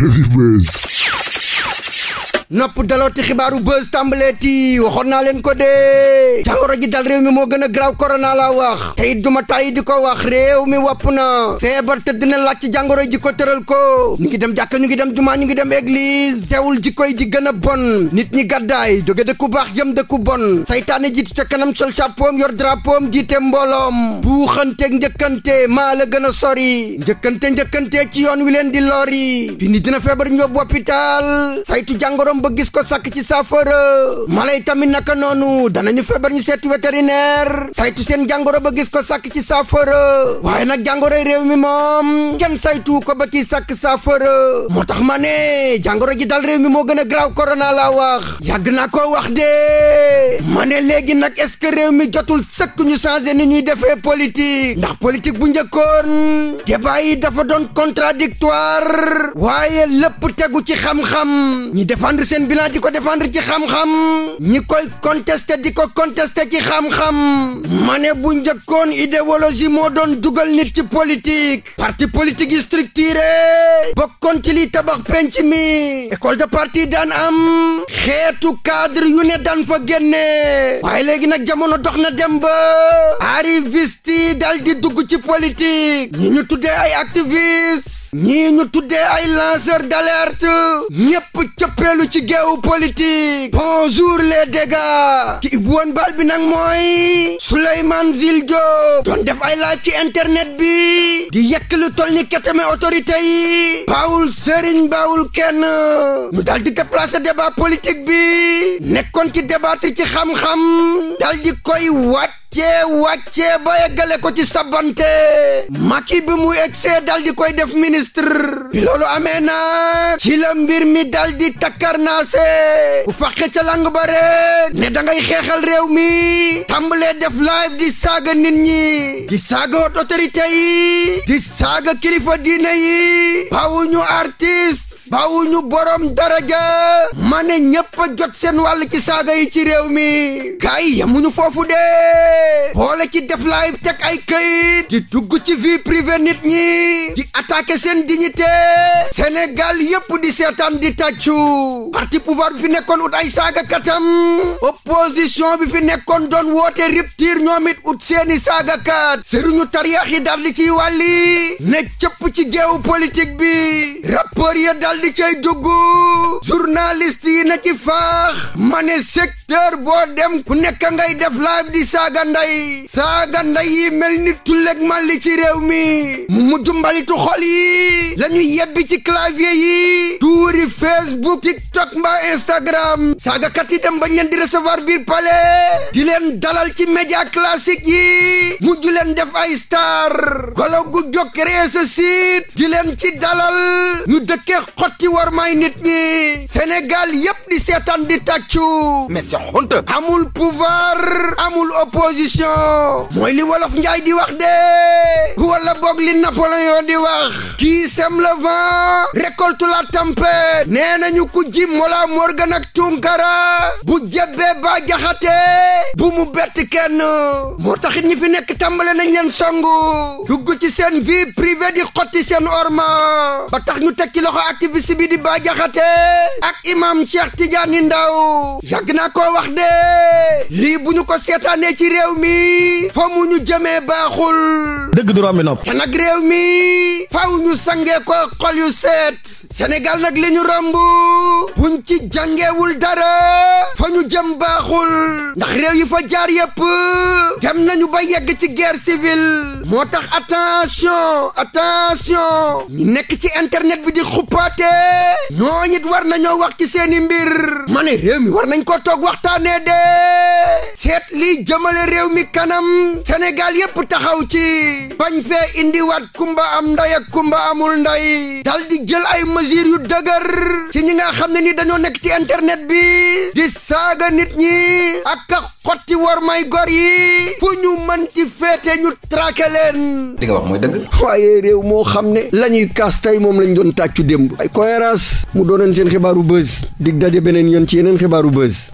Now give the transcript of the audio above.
Heavy Bass. nopp dalooti xibaaru buzz tàmbaleeti waxoon naa leen ko dee jàngoro ji dal réew mi moo gën a graaw korona laa wax te it duma tàyyi di ko wax réew mi wopp na feebar te dina laaj ci jàngoro ji ko tëral ko ñu ngi dem jàkka ñu ngi dem jumaa ñu ngi dem église teewul ji koy di gën a bon nit ñi gàddaay jóge dëkku baax jëm dëkku bon saytaane jiitu ca kanam sol chapeau yor drapeau jiite mbooloom buuxanteeg njëkkante maa la gën a sori njëkkante njëkkante ci yoon wi leen di lori bi dina feebar ñëw hôpital saytu jàngoro ba gis ko sakk ci saafara mala yi tamit naka noonu ñu feebar ñu seeti vétérinaire saytu seen jàngoro ba gis ko sàkk ci saafara waaye nag jàngoroy réew mi moom kenn saytu ko ba ci sakk saafara moo tax ma ne jàngoro ji dal réew mi moo gën a graaw corona laa wax yàgg naa ko wax de ma ne léegi nag est-ce que réew mi jotul sëkk ñu changé ni ñuy defee politique ndax politique bu njëkkoon débat yi dafa doon contradictoire waaye lépp tegu ci xam-xam ñi défendre seen bilan di ko défendre ci xam-xam ñi koy contester di ko contester ci xam-xam ma bu njëkkoon idéologie moo doon dugal nit ci politique parti politique yi structuré bokkoon ci liy tabax penc mi école de parti daan am xeetu cadre yu ne daan fa waaye léegi nag jamono dox na dem ba arriviste yi dal di dugg ci politique ñi ñu tuddee ay activiste ñii ñu tuddee ay lanceur d'alerte ñépp cëppeelu ci géewu politique bonjour les dégâts ki ibbu woon bal bi mooy Souleymane Jules doon def ay live ci internet bi di yekk lu toll ni ketame autorité yi bawul sëriñ bawul kenn ñu dal di déplacer débat politique bi nekkoon ci débattre ci xam-xam dal koy wat wàccee wàccee ba yeggale ko ci sabante Macky bi mu egsee dal di koy def ministre bi amee nag ci la mbir mi dal di takkarnaase bu fàqe ca lang ba rek ne xeexal réew mi tàmbalee def live di saaga nit ñi di saaga haute autorité yi di saaga kilifa diine yi bawuñu artiste ñu borom daraja ma ne ñépp jot seen wàll ci saaga yi ci réew mi gars yi yemuñu foofu de boole ci def laay teg ay këyit di dugg ci vie privée nit ñi di attaquer seen dignité Sénégal yëpp di seetaan di tàccu parti pouvoir bi fi nekkoon ut ay saaga katam opposition bi fi nekkoon doon woote rupture ñoom it ut seeni saagakat sëriñu tariyaax yi daal di ci wàlli ne cëpp ci géew politique bi rapport dal daal di cay dugg journaliste yi na ci faax ma ne sek tër boo dem ku nekk ngay def laaj di saaga nday saaga nday yi mel ni tulleeg man li ci réew mi mu mujj mbalitu xol yi la yebbi ci clavier yi tuuri facebook tiktok mbaa instagram saagakat yi dem ba ñeen di recevoir biir palais di leen dalal ci média classique yi mujj leen def ay star golo gu jóg créé sa site di ci dalal ñu dëkkee xotti war may nit ñi Sénégal yépp di seetaan di tàccu xonta amul pouvoir amul opposition mooy li wolof njaay di wax de wala boog li Napoléon di wax qui sème le vent la tempête nee nañu ku ji Mollah Morgun ak Tunkara bu jebee ba jaxate bu mu bett kenn moo taxit ñi fi nekk tàmbale nañ leen songu dugg ci seen vie privée di xotti seen orma ba tax ñu teg ci loxo activiste di ba jaxate ak imam Cheikh Tidiane Ndao la wax de lii bu ñu ko seetaanee ci réew mi fa mu ñu jëmee baaxul dëgg du rombi nopp te nag réew mi faw ñu sangee ko xol yu seet Sénégal nag li ñu romb buñ ci jàngeewul dara fa ñu jëm baaxul ndax réew yi fa jaar yépp dem nañu ba yegg ci guerre civile moo tax attention attention ñu nekk ci internet bi di xuppaate ñoo ñit war nañoo wax ci seeni mbir ma ne war nañ ko toog waxtaanee de seet lii jëmale réew mi kanam Sénégal yépp taxaw ci bañ fee indiwaat kumba am nday ak kumba amul nday dal di jël ay mesures yu dëgër ci ñi nga xam ne ni dañoo nekk ci internet bi di saaga nit ñi ak xotti war may gor yi fu ñu mënti féete ñu traqué leen li wax mooy dëgg waaye réew moo xam ne la ñuy kaas tey moom lañ doon tàccu démb ay cohérence mu doonoon seen xibaaru buzz dig daje beneen yoon ci yeneen xibaaru buzz